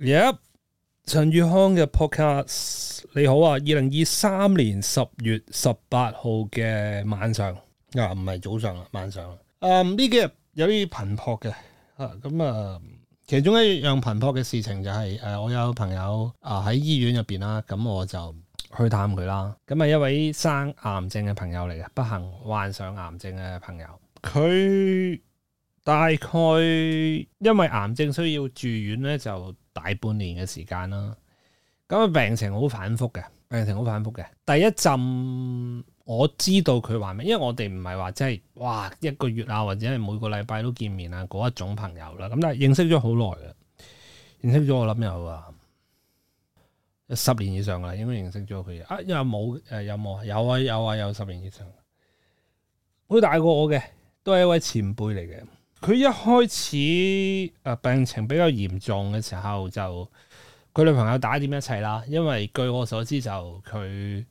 耶！yep, 陳宇康嘅 podcast，你好啊！二零二三年十月十八號嘅晚上，啊，唔係早上啦，晚上啦。呢、嗯、幾日有啲頻撲嘅吓，咁啊、嗯，其中一樣頻撲嘅事情就係、是、誒、啊，我有朋友啊喺醫院入邊啦，咁我就去探佢啦。咁啊，一位生癌症嘅朋友嚟嘅，不幸患上癌症嘅朋友，佢大概因為癌症需要住院咧，就。大半年嘅時間啦，咁啊病情好反覆嘅，病情好反覆嘅。第一陣我知道佢話咩，因為我哋唔係話即係哇一個月啊，或者係每個禮拜都見面啊嗰一種朋友啦。咁但係認識咗好耐嘅，認識咗我諗有啊，十年以上啦，應該認識咗佢啊。又冇誒，有冇？有啊有啊有十年以上，好大過我嘅，都係一位前輩嚟嘅。佢一開始誒、啊、病情比較嚴重嘅時候，就佢女朋友打點一切啦。因為據我所知就，就佢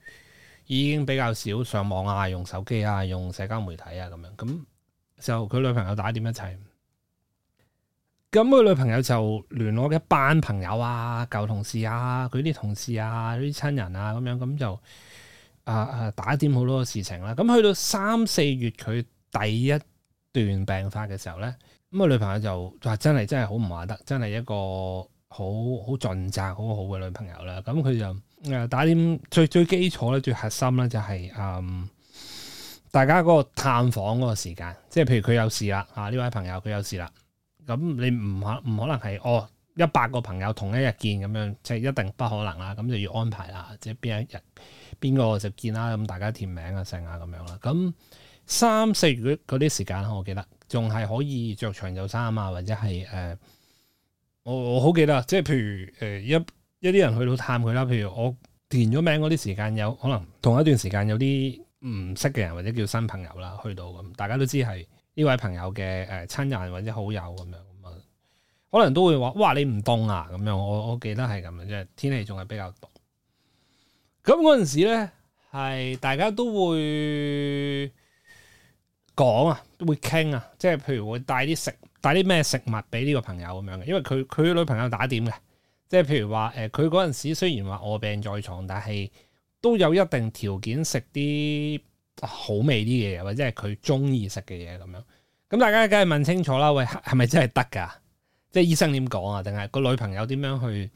已經比較少上網啊、用手機啊、用社交媒體啊咁樣。咁就佢女朋友打點一切。咁佢女朋友就聯絡一班朋友啊、舊同事啊、佢啲同事啊、啲親人啊咁樣。咁就啊啊打點好多事情啦。咁去到三四月，佢第一段病發嘅時候咧，咁、那、啊、個、女朋友就話真係真係好唔話得，真係一個盡好好盡責好好嘅女朋友啦。咁佢就誒打點最最基礎咧，最核心咧就係、是、誒、嗯、大家嗰個探訪嗰個時間，即係譬如佢有事啦，啊呢位朋友佢有事啦，咁你唔可唔可能係哦一百個朋友同一日見咁樣，即係一定不可能啦。咁就要安排啦，即係邊一日邊個就見啦，咁大家填名啊成啊咁樣啦，咁。三四月嗰啲時間，我記得仲係可以着長袖衫啊，或者係誒、呃，我我好記得，即係譬如誒、呃、一一啲人去到探佢啦，譬如我填咗名嗰啲時間，有可能同一段時間有啲唔識嘅人或者叫新朋友啦，去到咁，大家都知係呢位朋友嘅誒親人或者好友咁樣咁啊，可能都會話哇你唔凍啊咁樣，我我記得係咁樣，即係天氣仲係比較凍。咁嗰陣時咧，係大家都會。講啊，會傾啊，即係譬如會帶啲食，帶啲咩食物俾呢個朋友咁樣嘅，因為佢佢女朋友打點嘅，即係譬如話誒，佢嗰陣時雖然話卧病在床，但係都有一定條件食啲好味啲嘅嘢，或者係佢鍾意食嘅嘢咁樣。咁大家梗係問清楚啦，喂，係咪真係得㗎？即係醫生點講啊？定係個女朋友點樣去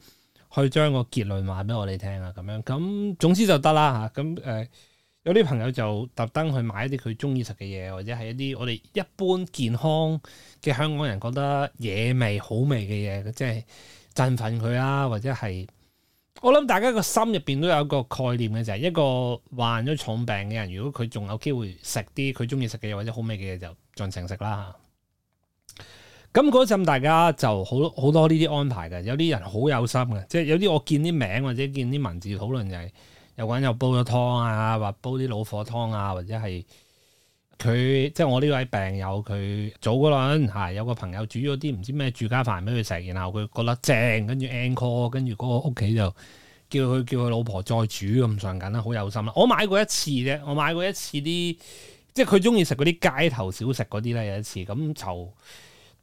去將個結論話俾我哋聽啊？咁樣咁，總之就得啦嚇。咁、啊、誒。嗯呃有啲朋友就特登去買一啲佢中意食嘅嘢，或者係一啲我哋一般健康嘅香港人覺得野味好味嘅嘢，即係振奮佢啦，或者係我諗大家個心入邊都有一個概念嘅，就係一個患咗重病嘅人，如果佢仲有機會食啲佢中意食嘅嘢或者好味嘅嘢，就盡情食啦。咁嗰陣大家就好好多呢啲安排嘅，有啲人好有心嘅，即係有啲我見啲名或者見啲文字討論就係。有人又煲咗湯啊，或煲啲老火湯啊，或者係佢、啊、即係我呢位病友，佢早嗰輪係有個朋友煮咗啲唔知咩住家飯俾佢食，然後佢覺得正，跟住 encore，跟住嗰個屋企就叫佢叫佢老婆再煮咁上緊啦，好有心啦。我買過一次啫，我買過一次啲即係佢中意食嗰啲街頭小食嗰啲咧，有一次咁就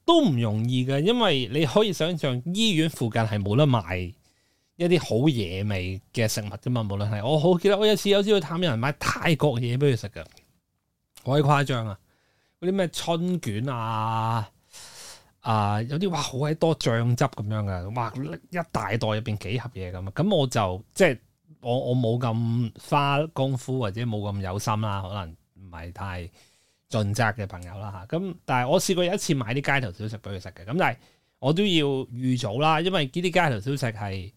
都唔容易嘅，因為你可以想象醫院附近係冇得賣。一啲好野味嘅食物啫嘛，無論係我好記得，我有次有次去探有人買泰國嘢俾佢食嘅，好鬼誇張啊！嗰啲咩春卷啊啊、呃，有啲哇好鬼多醬汁咁樣嘅，哇一大袋入邊幾盒嘢咁啊！咁我就即係、就是、我我冇咁花功夫或者冇咁有，有心啦，可能唔係太盡責嘅朋友啦吓。咁但係我試過有一次買啲街頭小食俾佢食嘅，咁但係我都要預早啦，因為呢啲街頭小食係。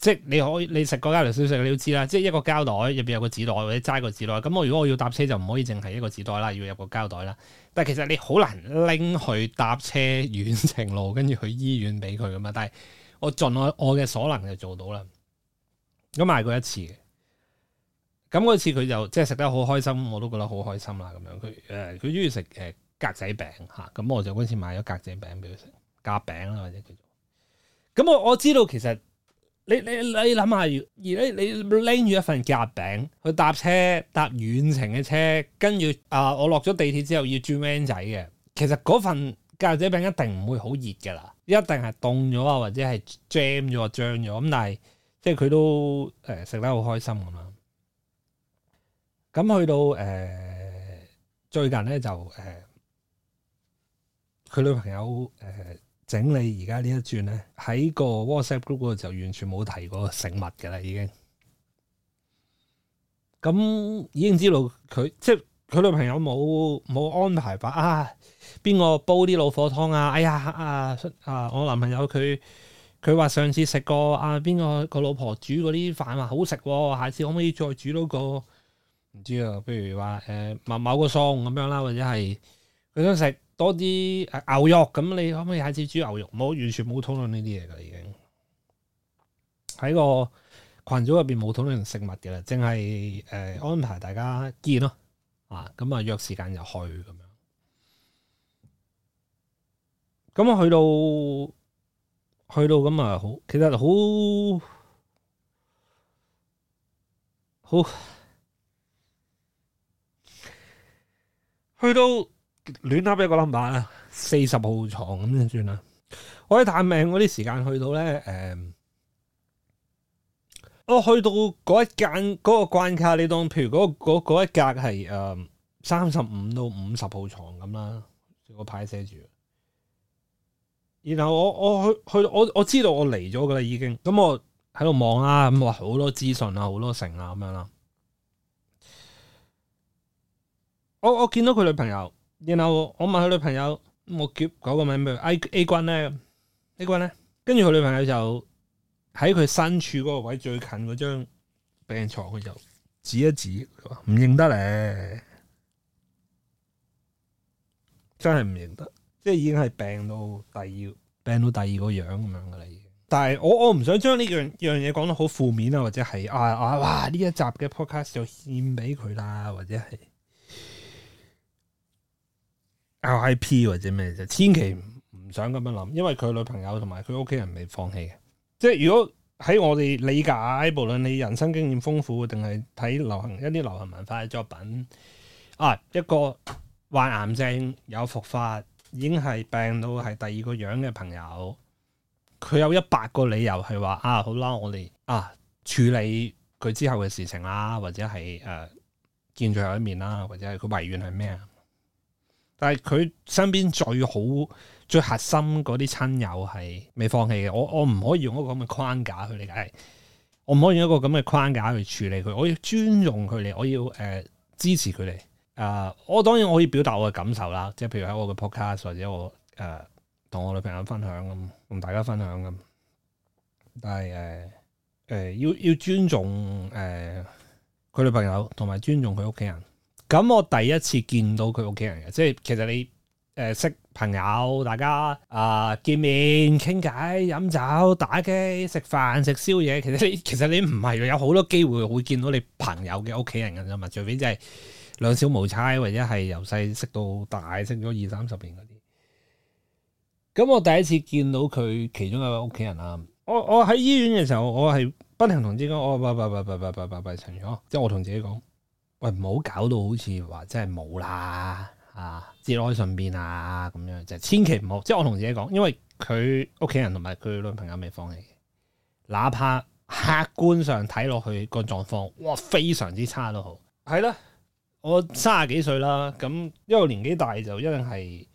即係你可以，你食過街頭小食你都知啦。即係一個膠袋入邊有個紙袋，或者齋個紙袋。咁我如果我要搭車就唔可以淨係一個紙袋啦，要入個膠袋啦。但係其實你好難拎去搭車遠程路，跟住去醫院俾佢咁嘛。但係我盡我我嘅所能就做到啦。咁買過一次嘅，咁嗰次佢就即係食得好開心，我都覺得好開心啦咁樣。佢誒佢中意食誒格仔餅吓，咁我就嗰次買咗格仔餅俾佢食，夾餅啦或者叫做。咁我我知道其實。你你你諗下，而你你拎住一份夾餅，去搭車搭遠程嘅車，跟住啊、呃，我落咗地鐵之後要轉 van 仔嘅，其實嗰份夾仔餅餅一定唔會好熱㗎喇，一定係凍咗啊，或者係 jam 咗、漲咗咁，但係即係佢都誒食、呃、得好開心咁啦。咁去到誒、呃、最近咧就誒佢、呃、女朋友誒。呃整理而家呢一轉咧，喺個 WhatsApp group 度就完全冇提過食物嘅啦，已經。咁已經知道佢，即係佢女朋友冇冇安排法啊，邊個煲啲老火湯啊？哎呀啊啊，我男朋友佢佢話上次食過啊，邊個個老婆煮嗰啲飯話好食喎、哦，下次可唔可以再煮多個？唔知啊，譬如話誒某某個餸咁樣啦，或者係佢想食。多啲牛肉咁，你可唔可以下次煮牛肉？冇完全冇討論呢啲嘢噶，已經喺個群組入邊冇討論食物嘅啦，淨係誒安排大家見咯啊！咁、嗯、啊約時間入去咁樣。咁我去到去到咁啊，好其實好好去到。去到亂噏一個 number 啊，四十號床咁樣算啦。我去探命嗰啲時間去到咧，誒、嗯，我去到嗰一間嗰、嗰個關卡你當譬如嗰、嗰個、一格係誒三十五到五十號床咁啦，嗰個牌寫住。然後我我去去我我知道我嚟咗噶啦，已經咁我喺度望啦，咁話好多資訊啊，好多城啊，咁樣啦。我我見到佢女朋友。然後我問佢女朋友，我叫九個名咩？A A 君咧，A 君咧，跟住佢女朋友就喺佢身處嗰個位最近嗰張病床，佢就指一指，佢話唔認得咧，真係唔認得，即係已經係病到第二，病到第二個樣咁樣噶啦已經。但係我我唔想將呢樣樣嘢講得好負面啊，或者係啊啊哇呢一集嘅 podcast 就獻俾佢啦，或者係。I.P 或者咩就千祈唔想咁樣諗，因為佢女朋友同埋佢屋企人未放棄嘅。即係如果喺我哋理解，無論你人生經驗豐富定係睇流行一啲流行文化嘅作品，啊一個患癌症有復發已經係病到係第二個樣嘅朋友，佢有一百個理由係話啊好啦，我哋啊處理佢之後嘅事情啦，或者係誒見最後一面啦，或者係佢遺願係咩啊？但係佢身邊最好最核心嗰啲親友係未放棄嘅，我我唔可以用一個咁嘅框架去理解，我唔可以用一個咁嘅框架去處理佢，我要尊重佢哋，我要誒、呃、支持佢哋。誒、呃，我當然我可以表達我嘅感受啦，即係譬如喺我嘅 Podcast 或者我誒同、呃、我女朋友分享咁，同大家分享咁。但係誒誒，要要尊重誒佢、呃、女朋友同埋尊重佢屋企人。咁我第一次見到佢屋企人嘅，即係其實你誒、呃、識朋友，大家啊、呃、見面傾偈、飲酒、打機、食飯、食宵夜，其實你其實你唔係有好多機會會見到你朋友嘅屋企人嘅啫嘛，除非就係兩小無猜，或者係由細識到大，識咗二三十年嗰啲。咁我第一次見到佢其中一位屋企人啦，我我喺醫院嘅時候，我係不停同自己講，我唔係唔係唔係唔係唔係唔即係我同自己講。喂，唔好搞到好似話真係冇啦啊，節哀順變啊咁樣，就千祈唔好。即係我同自己講，因為佢屋企人同埋佢女朋友未放棄哪怕客觀上睇落去個狀況，哇，非常之差都好。係咯，我三十幾歲啦，咁因為年紀大就一定係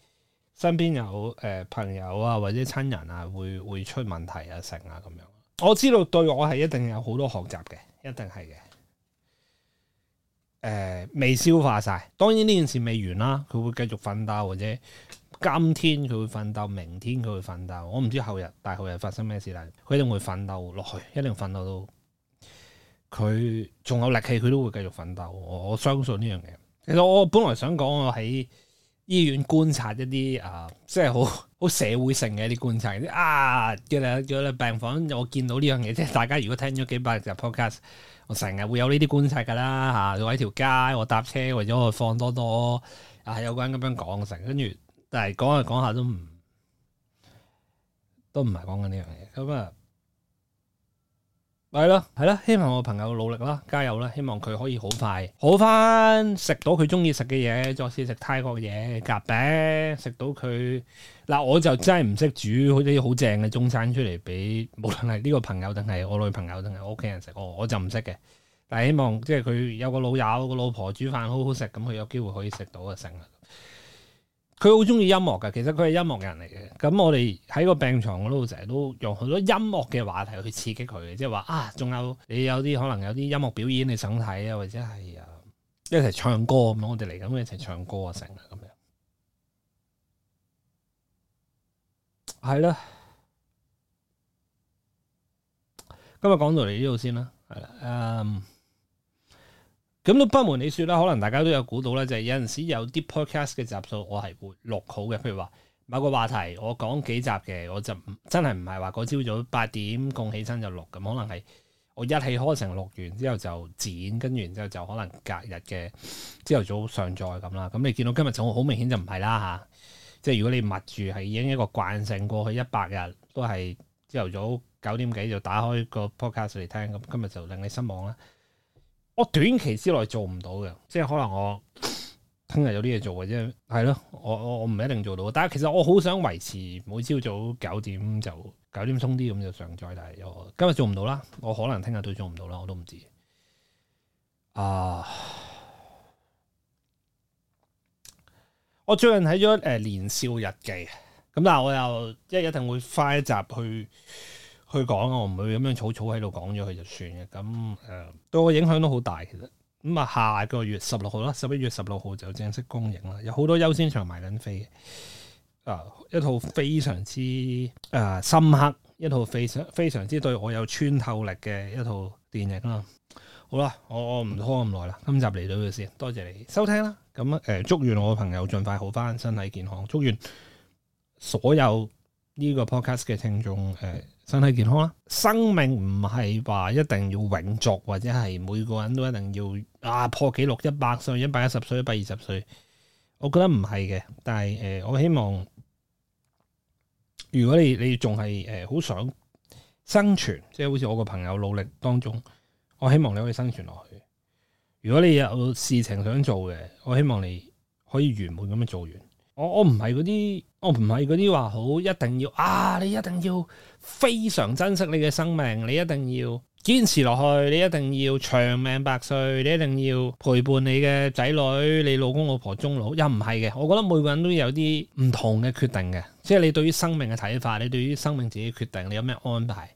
身邊有誒、呃、朋友啊或者親人啊會會出問題啊成啊咁樣。我知道對我係一定有好多學習嘅，一定係嘅。誒，未消化晒，當然呢件事未完啦，佢會繼續奮鬥或者今天佢會奮鬥，明天佢會奮鬥，我唔知後日、大後日發生咩事，但佢一定會奮鬥落去，一定奮鬥到佢仲有力氣，佢都會繼續奮鬥。我我相信呢樣嘢。其實我本來想講我喺醫院觀察一啲啊、呃，即係好。好社會性嘅一啲觀察，啲啊叫你叫你病房，我見到呢樣嘢，即係大家如果聽咗幾百集 podcast，我成日會有呢啲觀察㗎啦吓，我喺條街，我搭車，為咗我放多多，啊有個人咁樣講成，跟住但係講下講下都唔都唔係講緊呢樣嘢咁啊。嗯嗯係咯，係咯，希望我朋友努力啦，加油啦！希望佢可以好快好返，食到佢中意食嘅嘢，再試食泰國嘅嘢，夾餅食到佢。嗱，我就真係唔識煮嗰啲好正嘅中餐出嚟俾，無論係呢個朋友定係我女朋友定係我屋企人食，我就唔識嘅。但係希望即係佢有個老友個老婆煮飯好好食，咁佢有機會可以食到啊！成。佢好中意音樂嘅，其實佢係音樂人嚟嘅。咁我哋喺個病床嗰度成日都用好多音樂嘅話題去刺激佢嘅，即係話啊，仲有你有啲可能有啲音樂表演你想睇啊，或者係誒、啊、一齊唱歌咁，我哋嚟緊一齊唱歌啊，成日咁樣。係啦，今日講到嚟呢度先啦，係啦，嗯。咁都不瞞你説啦，可能大家都有估到啦，就係有陣時有啲 podcast 嘅集數，我係會錄好嘅。譬如話某個話題，我講幾集嘅，我就真係唔係話嗰朝早八點共起身就錄，咁可能係我一氣呵成錄完之後就剪，跟住然之後就可能隔日嘅朝頭早上載咁啦。咁你見到今日就好明顯就唔係啦吓，即係如果你密住係已經一個慣性，過去一百日都係朝頭早九點幾就打開個 podcast 嚟聽，咁今日就令你失望啦。我短期之內做唔到嘅，即係可能我聽日有啲嘢做嘅，即係係咯，我我我唔一定做到，但係其實我好想維持，每朝早九點就九點鬆啲咁就上載，但係又今日做唔到啦，我可能聽日都做唔到啦，我都唔知。啊，uh，我最近睇咗誒《年少日記》，咁但係我又即係一定會快一集去。佢講我唔會咁樣草草喺度講咗佢就算嘅。咁、嗯、誒，對、嗯、我影響都好大，其實咁啊、嗯。下個月十六號啦，十一月十六號就正式公映啦。有好多優先場賣緊飛嘅，啊，一套非常之誒、呃、深刻，一套非常非常之對我有穿透力嘅一套電影啦。好啦，我我唔拖咁耐啦。今集嚟到呢度先，多謝你收聽啦。咁、嗯、誒、呃，祝願我嘅朋友盡快好返身體健康，祝願所有呢個 podcast 嘅聽眾誒。呃身體健康啦、啊，生命唔係話一定要永續，或者係每個人都一定要啊破紀錄一百歲、一百一十歲、一百二十歲，我覺得唔係嘅。但係誒、呃，我希望如果你你仲係誒好想生存，即係好似我個朋友努力當中，我希望你可以生存落去。如果你有事情想做嘅，我希望你可以圓滿咁樣做完。我我唔係嗰啲，我唔係嗰啲話好一定要啊！你一定要非常珍惜你嘅生命，你一定要堅持落去，你一定要長命百歲，你一定要陪伴你嘅仔女、你老公、老婆終老。又唔係嘅，我覺得每個人都有啲唔同嘅決定嘅，即係你對於生命嘅睇法，你對於生命自己決定，你有咩安排？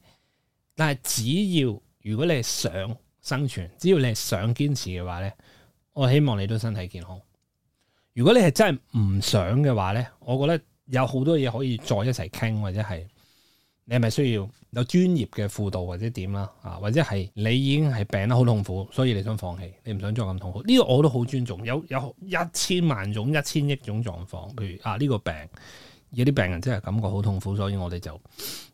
但係只要如果你係想生存，只要你係想堅持嘅話呢，我希望你都身體健康。如果你係真係唔想嘅話咧，我覺得有好多嘢可以再一齊傾，或者係你係咪需要有專業嘅輔導或者點啦啊，或者係你已經係病得好痛苦，所以你想放棄，你唔想再咁痛苦呢個我都好尊重。有有一千萬種、一千億種狀況，譬如啊呢個病有啲病人真係感覺好痛苦，所以我哋就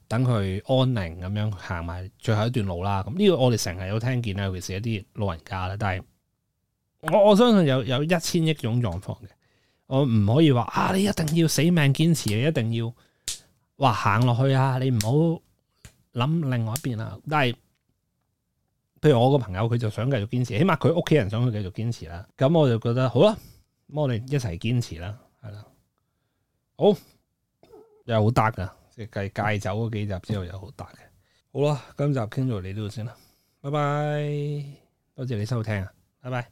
等佢安寧咁樣行埋最後一段路啦。咁呢個我哋成日有聽見啦，尤其是一啲老人家啦。但係我我相信有有一千億種狀況嘅。我唔可以話啊！你一定要死命堅持，你一定要話行落去啊！你唔好諗另外一邊啦，啊。但係，譬如我個朋友，佢就想繼續堅持，起碼佢屋企人想佢繼續堅持啦。咁我就覺得好啦，咁我哋一齊堅持啦，係啦，好，好又好得噶，即係戒戒酒嗰幾集之後又好得嘅。好啦，今集傾到嚟呢度先啦，拜拜，多謝你收聽啊，拜拜。